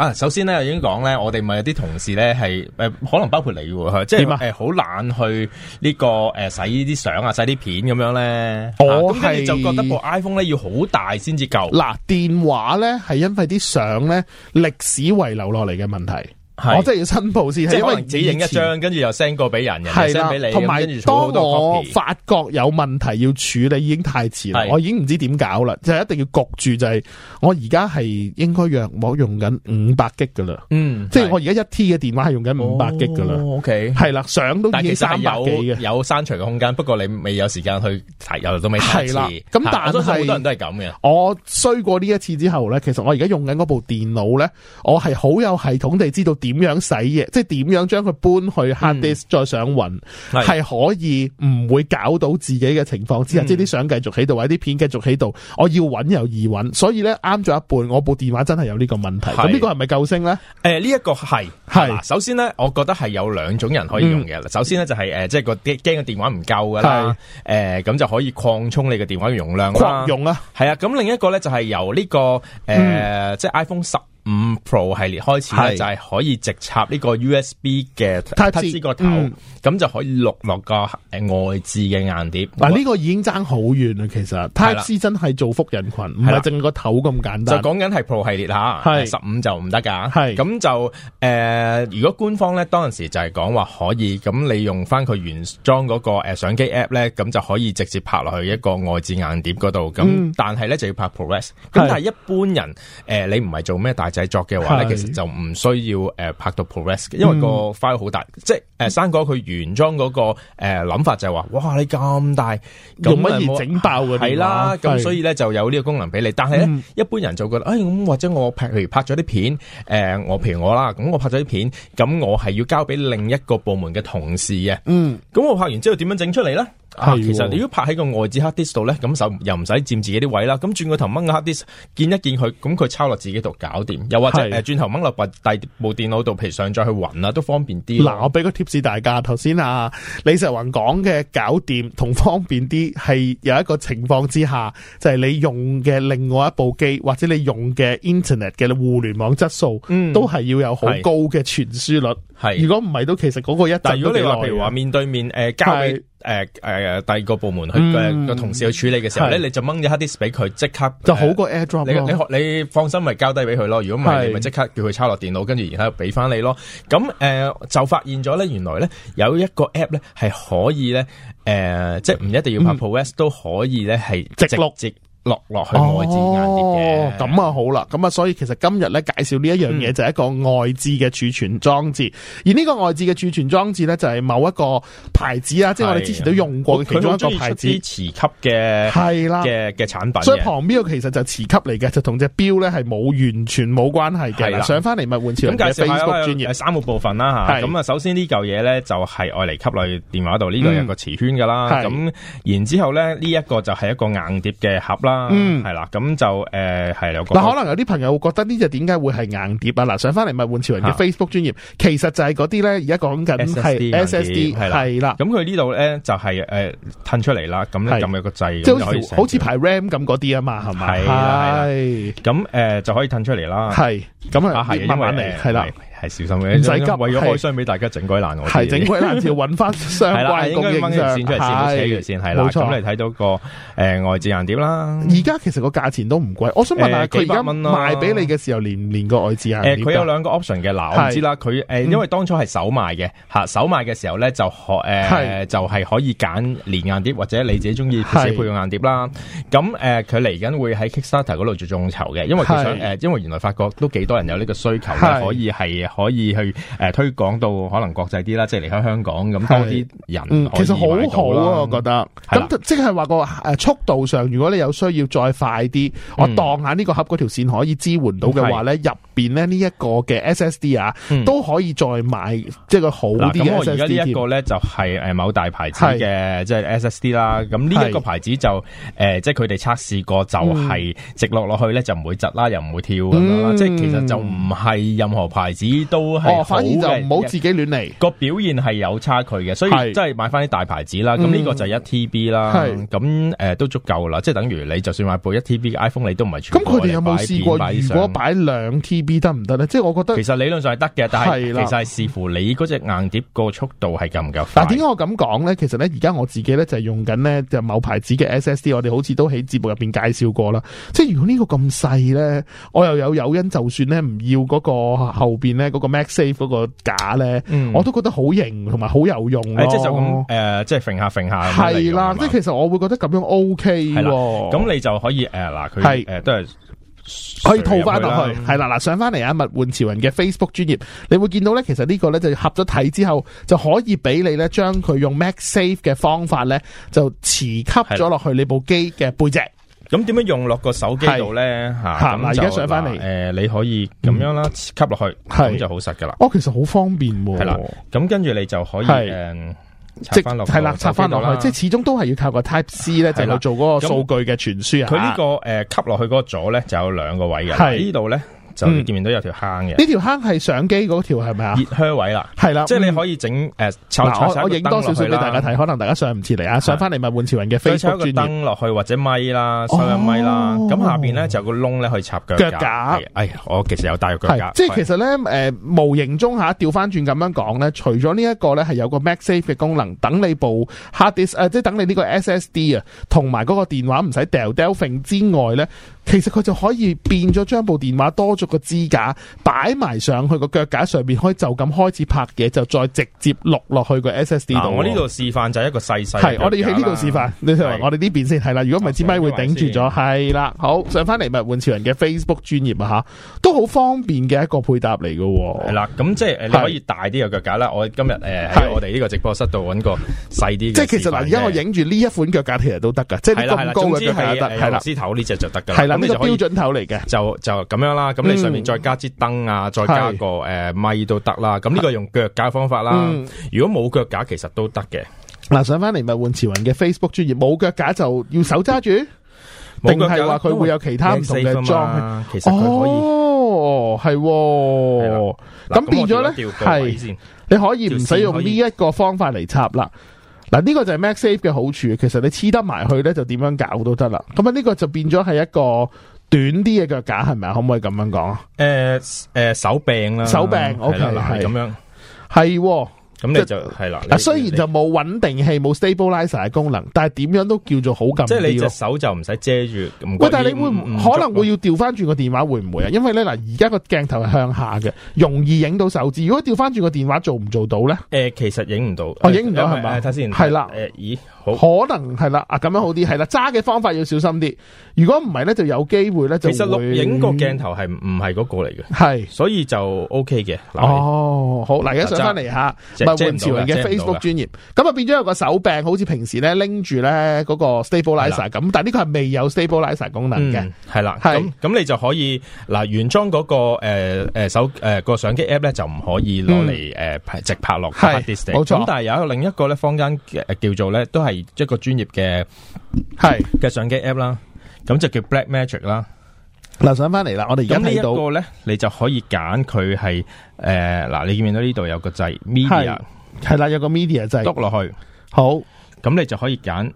啊？首先咧已經講咧，我哋咪有啲同事咧係誒。可能包括你喎，樣即係誒，好懶去呢個誒，洗啲相是啊，洗啲片咁樣咧。咁係就覺得部 iPhone 咧要好大先至夠。嗱，電話咧係因為啲相咧歷史遺留落嚟嘅問題。是我真係要申報先，係因為只影一張，跟住前又 send 過俾人，人又 send 俾你。同埋，當我發覺有問題要處理，已經太遲啦，的我已經唔知點搞啦，就係、是、一定要焗住。就係、是、我而家係應該用我用緊五百 G 噶啦，嗯，即係我而家一 T 嘅電話係用緊五百 G 噶啦。O K，係啦，相、okay、都已經三百幾嘅，有刪除嘅空間，不過你未有時間去提，由都未提。係啦，咁但係好多人都係咁嘅。我衰過呢一次之後咧，其實我而家用緊嗰部電腦咧，我係好有系統地知道。點樣使嘢，即係點樣將佢搬去 hard disk 再上雲，係可以唔會搞到自己嘅情況之下，即係啲相繼續喺度，或者啲片繼續喺度，我要揾又易揾，所以咧啱咗一半，我部電話真係有呢個問題。咁呢個係咪救星咧？誒，呢一個係係。首先咧，我覺得係有兩種人可以用嘅啦。首先咧就係誒，即係個驚嘅電話唔夠噶啦。誒，咁就可以擴充你嘅電話容量啦。用啦，係啊。咁另一個咧就係由呢個誒，即係 iPhone 十。五 Pro 系列開始咧，就係可以直插呢個 USB 嘅 Type C 個頭，咁就可以錄落個誒外置嘅硬碟。嗱呢個已經爭好遠啦，其實 Type C 真係造福人群，唔係淨個頭咁簡單。就講緊係 Pro 系列吓，係十五就唔得噶，係咁就誒，如果官方咧當陣時就係講話可以，咁你用翻佢原裝嗰個誒相機 App 咧，咁就可以直接拍落去一個外置硬碟嗰度。咁但係咧就要拍 ProRes，咁但係一般人誒你唔係做咩大。製作嘅話咧，是其實就唔需要誒、呃、拍到 ProRes 嘅，因為個 file 好大，嗯、即係誒、呃、生果佢原裝嗰、那個誒諗、呃、法就係話，哇你咁大用乜嘢整爆嘅係啦，咁是所以咧就有呢個功能俾你，但係咧、嗯、一般人就覺得，哎咁或者我譬如拍咗啲片，誒、呃、我譬如我啦，咁我拍咗啲片，咁我係要交俾另一個部門嘅同事嘅，嗯，咁我拍完之後點樣整出嚟咧？啊、的其實你如果拍喺個外置 hard disk 度咧，咁就又唔使佔自己啲位啦。咁轉個頭掹個 hard disk 見一見佢，咁佢抄落自己度搞掂。又或者誒，轉的頭掹落第部電腦度，譬如上載去雲啊，都方便啲。嗱，我俾個 tips 大家。頭先啊，李石云講嘅搞掂同方便啲，係有一個情況之下，就係、是、你用嘅另外一部機，或者你用嘅 internet 嘅互聯網質素，嗯、都係要有好高嘅傳輸率。係，如果唔係都其實嗰個一。但如果你話譬如話面對面誒、呃、交。誒誒、呃呃、第二個部門去個、嗯、同事去處理嘅時候咧，你就掹啲 hard disk 俾佢，即刻就好過 AirDrop。你你你放心咪交低俾佢咯，如果唔係，你咪即刻叫佢抄落電腦，跟住然後俾翻你咯。咁誒就發現咗咧，原來咧有一個 app 咧係可以咧，誒、呃、即係唔一定要拍 ProRes、嗯、都可以咧係直錄直。落落去外置硬碟嘅，咁啊、哦、好啦，咁啊所以其實今日咧介紹呢一樣嘢就係一個外置嘅儲存裝置，嗯、而呢個外置嘅儲存裝置咧就係、是、某一個牌子啊，的即係我哋之前都用過其中一個牌子，磁吸嘅係啦嘅嘅產品，所以旁邊其實就磁吸嚟嘅，就同隻表咧係冇完全冇關係嘅。的上翻嚟咪換錢，咁介紹個專業三個部分啦吓，咁啊的首先呢舊嘢咧就係用嚟吸內電話度，呢的個有個磁圈噶啦，咁的然之後咧呢一、這個就係一個硬碟嘅盒啦。嗯，係啦，咁就誒，係啦。嗱，可能有啲朋友會覺得呢，隻點解會係硬碟啊？嗱，上翻嚟物玩潮人嘅 Facebook 專頁，其實就係嗰啲咧，而家講緊係 SSD，係啦。咁佢呢度咧就係誒，褪出嚟啦。咁咧咁有個掣，就好似排 RAM 咁嗰啲啊嘛，係咪？係咁誒，就可以褪出嚟啦。係咁啊，係慢慢嚟。係啦。小心嘅，唔使急。為咗開箱俾大家整鬼難，我哋整鬼難，要揾翻相關嘅影相先出嚟先，寫住先係啦。咁你睇到個誒外置硬碟啦，而家其實個價錢都唔貴。我想問下佢而家賣俾你嘅時候，連唔連個外置硬碟？佢有兩個 option 嘅，嗱我唔知啦。佢誒，因為當初係手賣嘅吓，手賣嘅時候咧就可誒，就係可以揀連硬碟或者你自己中意寫配嘅硬碟啦。咁誒，佢嚟緊會喺 Kickstarter 嗰度做眾籌嘅，因為其實誒，因為原來法國都幾多人有呢個需求，可以係。可以去誒、呃、推廣到可能國際啲啦，即係離開香港咁多啲人、嗯，其實好好啊，我覺得咁的即係話個誒速度上，如果你有需要再快啲，嗯、我當下呢個盒嗰條線可以支援到嘅話咧的入。邊咧呢一個嘅 SSD 啊，都可以再買即係個好啲。咁我而家呢一個咧就係誒某大牌子嘅，即係 SSD 啦。咁呢一個牌子就誒即係佢哋測試過就係直落落去咧就唔會窒啦，又唔會跳咁樣啦。即係其實就唔係任何牌子都係，反而就唔好自己亂嚟，個表現係有差距嘅。所以即係買翻啲大牌子啦。咁呢個就係一 TB 啦，咁誒都足夠啦。即係等於你就算買部一 TB 嘅 iPhone，你都唔係咁。佢哋有冇試過如果擺兩 T？B 得唔得咧？即係、就是、我覺得，其實理論上係得嘅，是的但係其實係視乎你嗰隻硬碟個速度係夠唔夠快。但係點解我咁講咧？其實咧，而家我自己咧就係用緊咧就某牌子嘅 SSD，我哋好似都喺節目入邊介紹過啦。即係如果呢個咁細咧，我又有誘因，就算咧唔要嗰個後邊咧嗰個 MagSafe 嗰個架咧，嗯、我都覺得好型同埋好有用咯。即係、呃、就咁、是、誒，即係揈下揈下，係、就、啦、是。即係的其實我會覺得咁樣 OK 喎。咁你就可以誒，嗱佢誒都係。可以套翻落去，係啦嗱，上翻嚟啊！物玩潮人嘅 Facebook 專頁，你會見到咧，其實呢個咧就合咗體之後，就可以俾你咧將佢用 MagSafe 嘅方法咧，就磁吸咗落去你部機嘅背脊。咁點樣用落個手機度咧？吓的，嗱、啊，而家上翻嚟，誒、呃，你可以咁樣啦，吸落去，咁的就好實噶啦。哦，其實好方便喎、啊。係啦，咁跟住你就可以誒。插翻落，係啦，插翻落去，即係始終都係要透過個 Type C 咧，的就去做嗰個數據嘅傳輸啊。佢呢個誒，插、呃、落去嗰個座咧就有兩個位嘅，喺的呢度咧。就見面都有條坑嘅，呢條坑係相機嗰條係咪啊？熱靴位啦，係啦，即係你可以整誒。嗱、嗯啊啊，我我影多少少俾大家睇，可能大家上唔切嚟啊。上翻嚟咪換潮人嘅飛車個燈落去或者咪啦，收咗咪啦。咁、哦、下面咧就有個窿咧可以插腳架。哎架我其實有帶腳架。即係其實咧誒是、呃，無形中下調翻轉咁樣講咧，除咗呢一個咧係有個 MagSafe 嘅功能，等你部 Hard、呃、Disk 即係等你呢個 SSD 啊，同埋嗰個電話唔使掉掉之外咧。其實佢就可以變咗，將部電話多咗個支架擺埋上去個腳架上邊，可以就咁開始拍嘢，就再直接錄落去個 S S D 度。我呢度示範就係一個細細係，我哋要喺呢度示範。你睇下我哋呢邊先係啦。如果唔係，支咪會頂住咗。係啦，好，上翻嚟物玩潮人嘅 Facebook 專頁啊吓，都好方便嘅一個配搭嚟噶。係啦，咁即係你可以大啲嘅腳架啦。我今日誒喺我哋呢個直播室度搵個細啲，嘅。即係其實嗱，而家我影住呢一款腳架其實都得噶，即係咁高嘅係啦，枝頭呢隻就得噶，啦。咁呢個標準頭嚟嘅，就就咁樣啦。咁你上面再加支燈啊，再加個誒咪都得啦。咁呢個用腳架方法啦。如果冇腳架其實都得嘅。嗱，上翻嚟咪換潮人嘅 Facebook 專頁，冇腳架就要手揸住，定係話佢會有其他唔同嘅裝？其實佢可以。哦，係。咁變咗咧，係你可以唔使用呢一個方法嚟插啦。嗱呢、啊呢個就係 MagSafe 嘅好處，其實你黐得埋去咧就點樣搞都得啦。咁啊呢個就變咗係一個短啲嘅腳架，係咪啊？可唔可以咁樣講啊？誒誒、呃呃，手柄啦，手柄，OK 啦的，係咁樣，係的。咁你就係啦。嗱，雖然就冇穩定器，冇 stabilizer 嘅功能，但係點樣都叫做好咁，即係你隻手就唔使遮住咁。喂，但係你會唔可能會要調翻轉個電話？會唔會啊？因為咧嗱，而家個鏡頭係向下嘅，容易影到手指。如果調翻轉個電話，做唔做到咧？誒，其實影唔到。我影唔到係咪？睇先。係啦。誒，咦？可能係啦，啊咁樣好啲係啦，揸嘅方法要小心啲。如果唔係咧，就有機會咧就。其實錄影個鏡頭係唔係嗰個嚟嘅？係，所以就 OK 嘅。哦，好，嗱，而家上翻嚟吓，即係黃朝嘅 Facebook 專頁，咁啊變咗有個手柄，好似平時咧拎住咧嗰個 stabilizer 咁，但係呢個係未有 stabilizer 功能嘅，係啦，係咁咁你就可以嗱原裝嗰個誒誒手誒個相機 app 咧就唔可以攞嚟誒直拍落去。係冇錯。咁但係有一個另一個咧坊間叫做咧都係。一個專業嘅係嘅相機 app 啦，咁就叫 Black Magic 啦。嗱，上翻嚟啦，我哋而家睇到呢個咧，你就可以揀佢係誒，嗱、呃，你見到呢度有個掣 Media，係啦，有個 Media 掣，篤落去，好。咁你就可以揀誒，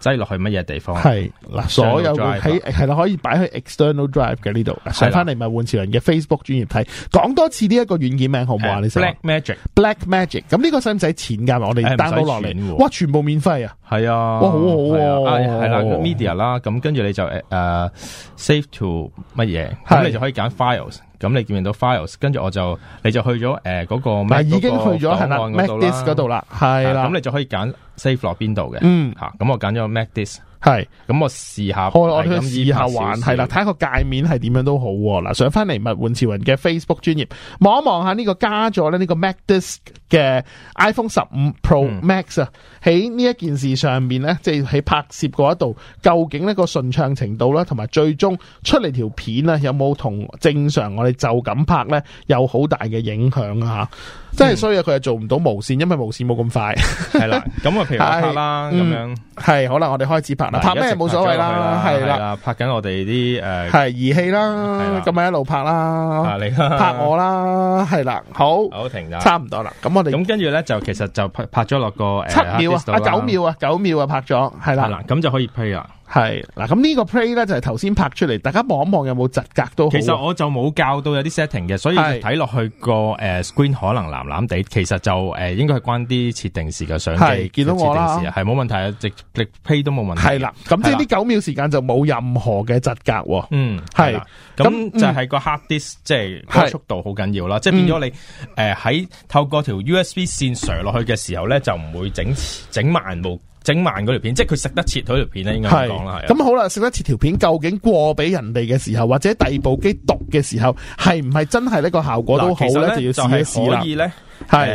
擠、呃、落去乜嘢地方？係嗱，所有喺係啦，可以擺去 external drive 嘅呢度，上翻嚟咪換潮人嘅 Facebook 專頁睇。講多次呢一個軟件名好唔好啊？Uh, 你使 Black Magic，Black Magic。咁呢個使唔使錢噶？我哋 download 落嚟，哇來，全部免費啊！係啊，哇，好好喎、啊。係啦、啊、media 啦，咁跟住你就誒、uh,，save to 乜嘢？咁的你就可以揀 files。咁你見唔見到 files？跟住我就你就去咗嗰、呃那個，係已經去咗係啦，MagDisk 嗰度啦，係啦。咁、啊啊、你就可以揀 save 落邊度嘅。嗯，咁、啊、我揀咗個 MagDisk。係咁，是我試下開，好斷我想試下玩係啦，睇下個界面係點樣都好嗱，啊。上翻嚟物玩潮人嘅 Facebook 專頁望一望下呢個加咗咧呢，這個 MagDisk 嘅 iPhone 十五 Pro Max 啊，嗯，喺呢一件事上面呢，即係喺拍攝嗰度，究竟呢，那個順暢程度啦，同埋最終出嚟條片啊，有冇同正常我哋就咁拍呢？有好大嘅影響啊！真係衰啊！佢又做唔到無線，因為無線冇咁快，係啦。咁啊，譬如拍啦咁樣，係好啦，我哋開始拍啦。拍咩冇所謂啦，係啦。拍緊我哋啲誒，係儀器啦，咁咪一路拍啦。拍我啦，係啦。好，好停咗，差唔多啦。咁我哋咁跟住咧，就其實就拍拍咗落個誒，七秒啊，啊九秒啊，九秒啊，拍咗係啦。咁就可以 play 啦。係嗱，咁呢個 play 咧就係頭先拍出嚟，大家望一望有冇窒格都好。其實我就冇教到有啲 setting 嘅，所以睇落去個誒、uh, screen 可能藍藍地，其實就誒、uh, 應該係關啲設定時嘅相機。見到定啊，係冇問題啊，直直 play 都冇問題。係啦，咁即係啲九秒時間就冇任何嘅窒格。嗯，係是啦，咁就係個 hard disk、嗯、即係速度好緊要啦，即係是變咗你誒喺、嗯呃、透過條 USB 線上落去嘅時候咧，就唔會整整慢冇。整慢嗰條片，即係佢食得切嗰條片咧，應該咁講啦。係咁是是好啦，食得切條片，究竟過俾人哋嘅時候，或者第二部機讀嘅時候，係唔係真係呢個效果都好咧？呢就要試一試啦，就係可以咧。係是、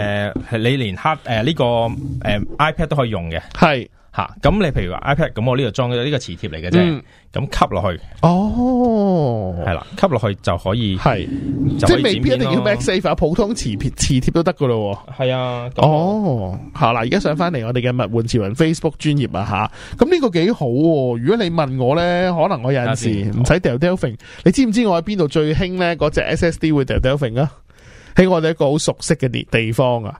呃、你連黑誒呢個誒、呃、iPad 都可以用嘅。係。吓，咁、啊、你譬如話 iPad，咁我呢度裝咗呢個磁貼嚟嘅啫，咁、嗯、吸落去，哦，係啦，吸落去就可以，係是，即係未必一定要 MagSafe，普通磁片磁貼都得噶咯，係啊，哦，嗯蜜蜜啊、好啦，而家上翻嚟我哋嘅物換潮人 Facebook 專頁啊吓，咁呢個幾好，如果你問我咧，可能我有陣時唔使 del i n 你知唔知我喺邊度最興咧？嗰隻 SSD 會 del i n 啊，喺我哋一個好熟悉嘅地地方啊。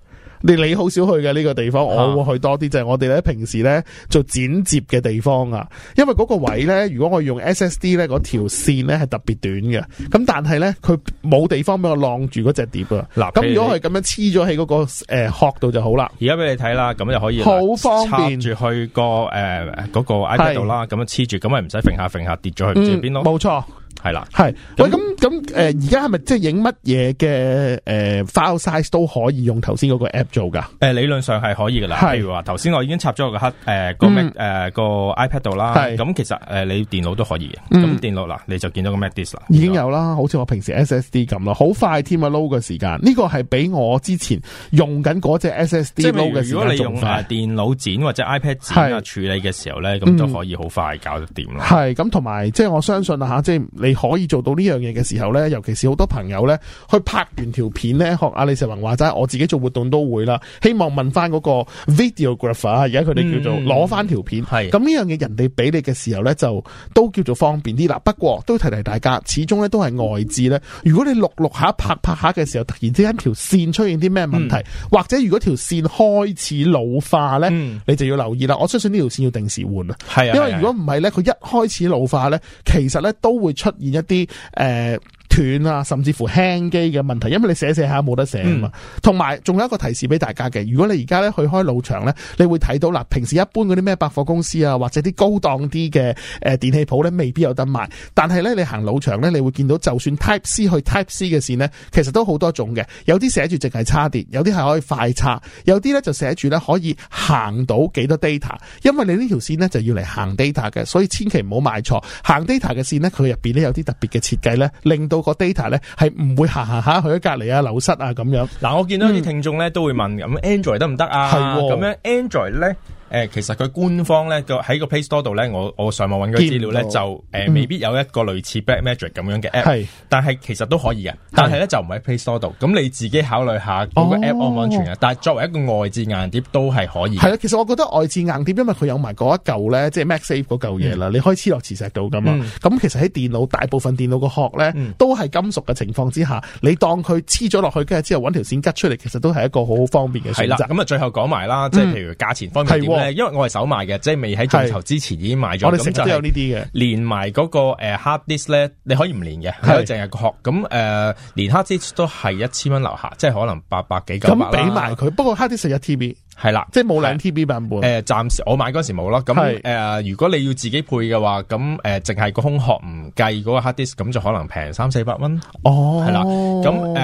你你好少去嘅呢個地方，我會去多啲，啊、就係我哋咧平時咧做剪接嘅地方啊。因為嗰個位咧，如果我用 SSD 咧，嗰條線咧係特別短嘅。咁但係咧，佢冇地方俾我晾住嗰隻碟啊。嗱，咁如果我係咁樣黐咗喺嗰個誒殼度就好啦。而家俾你睇啦，咁就可以好方便，插住去、嗰個誒嗰、呃嗰個 iPad 度啦。咁樣黐住，咁咪唔使揈下揈下跌咗去唔、嗯、知邊度。冇錯。係啦，係喂咁咁誒，而家係咪即係影乜嘢嘅誒 file size 都可以用頭先嗰個 app 做噶？誒，理論上係可以噶啦。譬如話頭先我已經插咗個黑誒個 Mac 誒個 iPad 度啦。係咁，其實誒你電腦都可以嘅。咁電腦啦，你就見到個 MagDisk 啦。已經有啦，好似我平時 SSD 咁啦，好快添啊！load 嘅時間呢個係比我之前用緊嗰隻 SSD load 嘅，如果你用電腦剪或者 iPad 剪啊，處理嘅時候咧，咁就可以好快搞得掂啦。係咁，同埋即係我相信吓，即係。你可以做到呢樣嘢嘅時候咧，尤其是好多朋友咧，去拍完條片咧，學阿李石文話齋，我自己做活動都會啦。希望問翻嗰個 videographer 啊，而家佢哋叫做攞翻條片。咁呢的樣嘢人哋俾你嘅時候咧，就都叫做方便啲啦。不過都要提提大家，始終咧都係外置咧。如果你錄錄下拍拍下嘅時候，突然之間條線出現啲咩問題，嗯、或者如果條線開始老化咧，嗯、你就要留意啦。我相信呢條線要定時換啊，係啊的，因為如果唔係咧，佢一開始老化咧，其實咧都會出現一啲誒。斷啊，甚至乎輕機嘅問題，因為你寫寫下冇得寫啊嘛。同埋仲有一個提示俾大家嘅，如果你而家咧去開路場咧，你會睇到嗱，平時一般嗰啲咩百貨公司啊，或者啲高檔啲嘅誒電器鋪咧，未必有得賣。但係咧你行路場咧，你會見到就算 Type C 去 Type C 嘅線咧，其實都好多種嘅。有啲寫住淨係叉電，有啲係可以快叉，有啲咧就寫住咧可以行到幾多 data。因為你呢條線咧就要嚟行 data 嘅，所以千祈唔好買錯行 data 嘅線咧，佢入邊咧有啲特別嘅設計咧，令到。個 data 咧係唔會行行下去咗隔籬啊、流失啊咁樣。嗱，我見到啲聽眾咧都會問咁，Android 得唔得啊？係喎，咁樣，Android 咧。誒，其實佢官方咧個喺個 Play Store 度咧，我我上網搵嗰資料咧就誒，未必有一個類似 Black Magic 咁樣嘅 app，但係其實都可以嘅。但係咧就唔喺 Play Store 度，咁你自己考慮下嗰個 app 安唔安全啊？但係作為一個外置硬碟都係可以。係其實我覺得外置硬碟，因為佢有埋嗰一嚿咧，即係 MagSafe 嗰嚿嘢啦，你可以黐落磁石度㗎嘛。咁其實喺電腦，大部分電腦個殼咧都係金屬嘅情況之下，你當佢黐咗落去，跟之後搵條線吉出嚟，其實都係一個好好方便嘅選擇。咁啊，最後講埋啦，即係譬如價錢方面誒、嗯，因為我係手買嘅，即係未喺眾籌之前已經買咗。我哋食就有呢啲嘅。連埋嗰個誒 hard disk 咧，你可以唔連嘅，係咯是，淨係殼。咁誒、呃，連 hard disk 都係一千蚊樓下，即係可能八百幾九百蚊。咁俾埋佢，不過 hard disk 成一 TB。係啦，即係冇兩 TB 版本。誒，暫、呃、時我買嗰時冇咯。咁誒是、呃，如果你要自己配嘅話，咁誒，淨、呃、係、嗰個空殼唔計嗰個 hard disk，咁就可能平三四百蚊。哦，係啦，咁誒，係、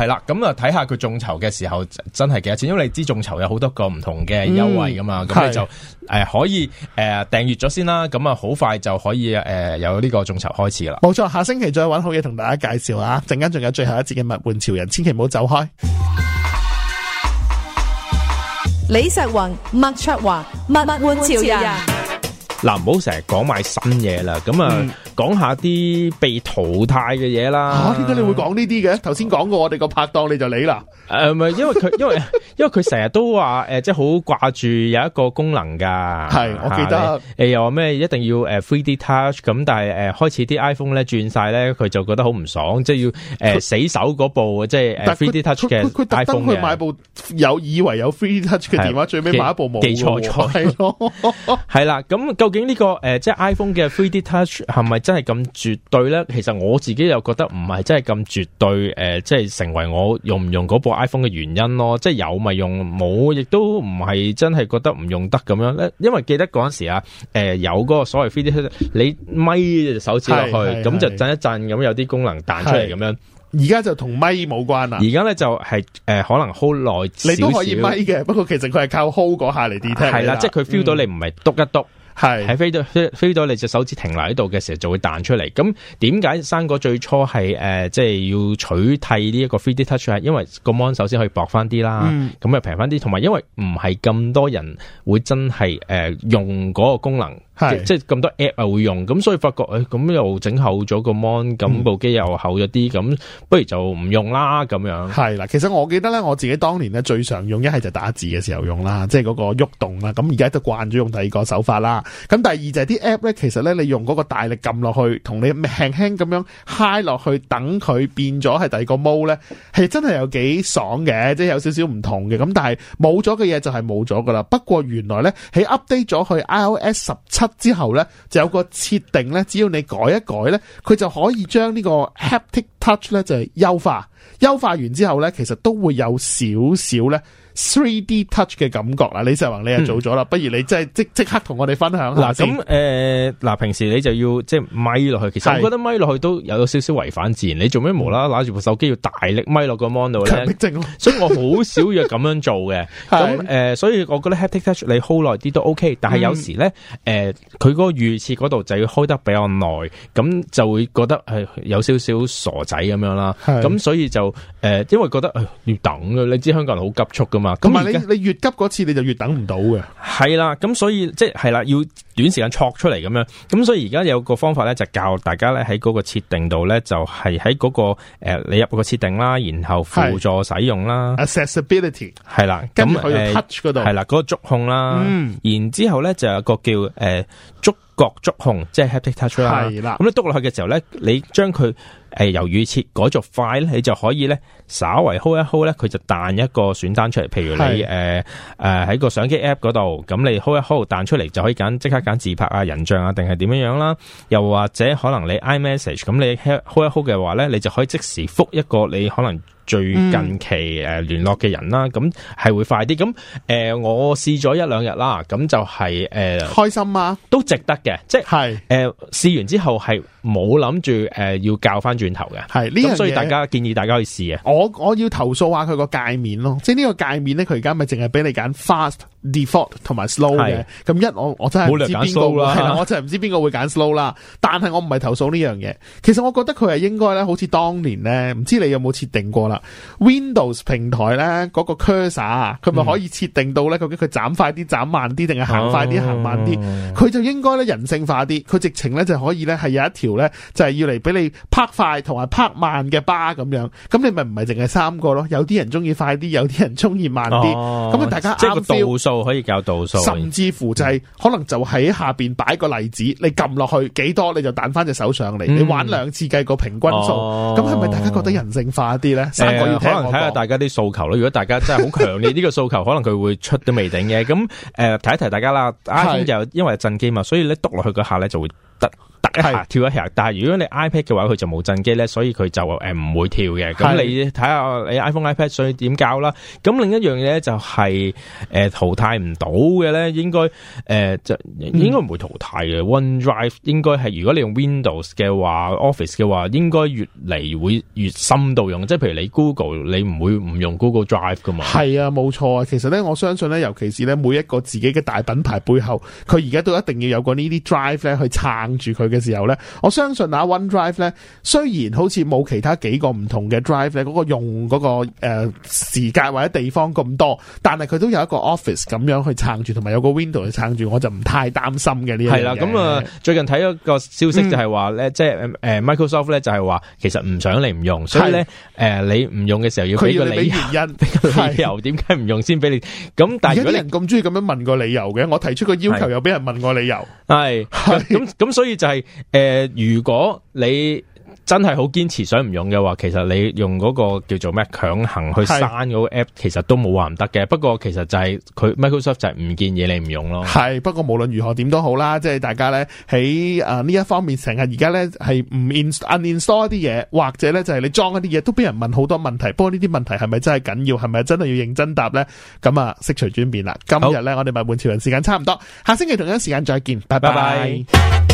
呃、啦，咁啊，睇下佢眾籌嘅時候真係幾多錢，因為你知眾籌有好多個唔同嘅優惠噶嘛，咁、嗯、你就誒是、呃、可以誒訂閱咗先啦。咁啊，好快就可以誒、呃、有呢個眾籌開始啦。冇錯，下星期再搵好嘢同大家介紹啊！陣間仲有最後一節嘅物玩潮人，千祈唔好走開。李石宏、麥卓華、麥麥換潮人。嗱，唔好成日講埋新嘢啦，咁啊，講下啲被淘汰嘅嘢啦。嚇、啊，點解你會講呢啲嘅？頭先講過我哋個拍檔，你就理啦。誒，唔係因為佢，因為因為佢成日都話誒、呃、即係好掛住有一個功能㗎。係，我記得誒又話咩一定要誒 three D touch，咁但係誒、呃、開始啲 iPhone 咧轉晒咧，佢就覺得好唔爽，即係要誒、呃、死守嗰部他即係 three D touch 嘅 iPhone 佢買部的有以為有 three D touch 嘅電話，的最尾買一部冇嘅。記、記錯咗係咯，係啦， 咁究竟？究竟呢、這個誒、呃，即係 iPhone 嘅 3D Touch 係咪真係咁絕對咧？其實我自己又覺得唔係真係咁絕對，誒、呃，即係成為我用唔用嗰部 iPhone 嘅原因咯。即係有咪用，冇亦都唔係真係覺得唔用得咁樣咧。因為記得嗰陣時啊，誒、呃，有嗰個所謂 3D Touch，你咪手指落去，咁是就震一震，咁有啲功能彈出嚟咁樣。而家就同咪冇關啦。而家咧就係、是、誒、呃，可能 hold 耐你都可以咪嘅，不過其實佢係靠 hold 嗰下嚟 d e t 係啦，即係佢 feel 到你唔係篤一篤。係喺是飛到飛飛到你隻手指停留喺度嘅時候，就會彈出嚟。咁點解生果最初係誒，即、呃、係、就是、要取替呢一個 3D Touch 係？因為個 mon 首先可以薄翻啲啦，咁啊平翻啲，同埋因為唔係咁多人會真係誒、呃、用嗰個功能。係即係咁多 app 又會用，咁所以發覺誒，咁又整厚咗個 mon，咁部機又厚咗啲，咁不如就唔用啦咁樣。係啦，其實我記得咧，我自己當年咧最常用一係就打字嘅時候用啦，即係嗰個喐動啦。咁而家都慣咗用第二個手法啦。咁第二就係啲 app 咧，其實咧你用嗰個大力撳落去，同你輕輕咁樣揩落去，等佢變咗係第二個 mode 咧，係真係有幾爽嘅，即係有少少唔同嘅。咁但係冇咗嘅嘢就係冇咗噶啦。不過原來咧喺 update 咗去 iOS 十七。之後咧就有個設定咧，只要你改一改咧，佢就可以將呢個 haptic Touch 咧就係、是、優化，優化完之後咧，其實都會有少少咧 3D Touch 嘅感覺啦。李世宏你又做咗啦，嗯、不如你即係即即刻同我哋分享啦。嗱咁誒，嗱、呃、平時你就要即係咪落去，其實我覺得咪落去都有少少違反自然。是你做咩無啦啦拿住部手機要大力咪落個 mon 度咧？ 所以我好少要咁樣做嘅。咁誒是、呃，所以我覺得 Haptic Touch 你 hold 耐啲都 OK，但係有時咧誒，佢、嗯呃、個預設嗰度就要開得比較耐，咁就會覺得係有少少傻。咁樣啦，咁是所以就誒、呃，因為覺得要等嘅，你知香港人好急促噶嘛。咁你在你越急嗰次，你就越等唔到嘅。係啦，咁所以即係啦，要短時間戳出嚟咁樣。咁所以而家有個方法咧，就教大家咧喺嗰個設定度咧，就係喺嗰個誒、呃、你入個設定啦，然後輔助使用啦，accessibility 是係啦，跟住去 touch 嗰度係啦，嗰、嗰個觸控啦。嗯、然之後咧就有個叫誒觸、呃、覺觸控，即係 haptic touch 啦。係啦，咁你篤落去嘅時候咧，你將佢。誒，由預設改做快咧，你就可以咧，稍微 hold 一 hold 咧，佢就彈一個選單出嚟。譬如你誒誒喺個相機 app 嗰度，咁你 hold 一 hold 彈出嚟就可以揀，即刻揀自拍啊、人像啊，定係點樣樣啦。又或者可能你 iMessage，咁你 hold 一 hold 嘅話咧，你就可以即時覆一個你可能。最近期誒聯絡嘅人啦，咁係、嗯、會快啲。咁誒、呃，我試咗一兩日啦，咁就係、是、誒，呃、開心啊，都值得嘅。即係誒是、呃、試完之後係冇諗住誒要較返轉頭嘅，係呢是。咁所以大家建議大家去試啊。我我要投訴下佢個界面咯，即係呢個界面咧，佢而家咪淨係俾你揀 fast。default 同埋 slow 嘅，咁的一我我真係唔知邊個啦，我真係唔知邊個會揀 slow 啦。 但係我唔係投訴呢樣嘢，其實我覺得佢係應該咧，好似當年咧，唔知你有冇設定過啦。Windows 平台咧嗰、嗰個 cursor，佢咪可以設定到咧，嗯、究竟佢斬快啲、斬慢啲，定係行快啲、哦、行慢啲？佢就應該咧人性化啲，佢直情咧就可以咧係有一條咧就係要嚟俾你拍快同埋拍慢嘅巴咁樣。咁你咪唔係淨係三個咯？有啲人中意快啲，有啲人中意慢啲。咁、哦、大家即係個度數可以教度數，甚至乎就係、是嗯、可能就喺下邊擺個例子，你撳落去幾多你就彈翻隻手上嚟，嗯、你玩兩次計個平均數，咁係咪大家覺得人性化啲咧？月、呃、可能睇下大家啲訴求啦。如果大家真係好強烈呢 個訴求，可能佢會出都未定嘅。咁誒，提、呃、一提大家啦，啱就因為係震機嘛，是所以咧督落去嗰下咧就會得。但是一下跳一下，但係如果你 iPad 嘅話，佢就冇震機咧，所以佢就誒唔會跳嘅。咁是你睇下你 iPhone、iPad 所以點教啦。咁另一樣嘢咧就係、是、誒、呃、淘汰唔到嘅咧，應該誒、呃、就應該唔會淘汰嘅。嗯、One Drive 應該係如果你用 Windows 嘅話，Office 嘅話，應該越嚟會越深度用。即係譬如你 Google，你唔會唔用 Google Drive 噶嘛？係啊，冇錯啊。其實咧，我相信咧，尤其是咧每一個自己嘅大品牌背後，佢而家都一定要有個呢啲 Drive 咧去撐住佢。嘅時候咧，我相信啊，OneDrive 咧，雖然好似冇其他幾個唔同嘅 Drive 咧，嗰、那個用嗰、那個誒、呃、時間或者地方咁多，但係佢都有一個 Office 咁樣去撐住，同埋有個 Window 去撐住，我就唔太擔心嘅呢。係啦、啊，咁啊，最近睇咗個消息就係話咧，嗯、即係誒 Microsoft 咧就係話，其實唔想你唔用，所以咧誒是、呃、你唔用嘅時候要俾個理由、佢要你俾原因，俾個理由，點解唔用先俾你？咁但係，如果你人咁中意咁樣問個理由嘅，我提出個要求又俾人問我理由，係，係咁咁，所以就係。是 誒、呃，如果你真係好堅持想唔用嘅話，其實你用嗰個叫做咩強行去刪嗰個 app，是其實都冇話唔得嘅。不過其實就係佢 Microsoft 就係唔建議你唔用咯。係不過無論如何點都好啦，即係大家咧喺誒呢一方面成日而家咧係唔 install 啲嘢，或者咧就係你裝一啲嘢，都俾人問好多問題，不過呢啲問題係咪真係緊要，係咪真係要認真答咧？咁啊，悉隨尊便啦，今日咧好我哋物玩潮人時間差唔多，下星期同一時間再見，拜拜。Bye bye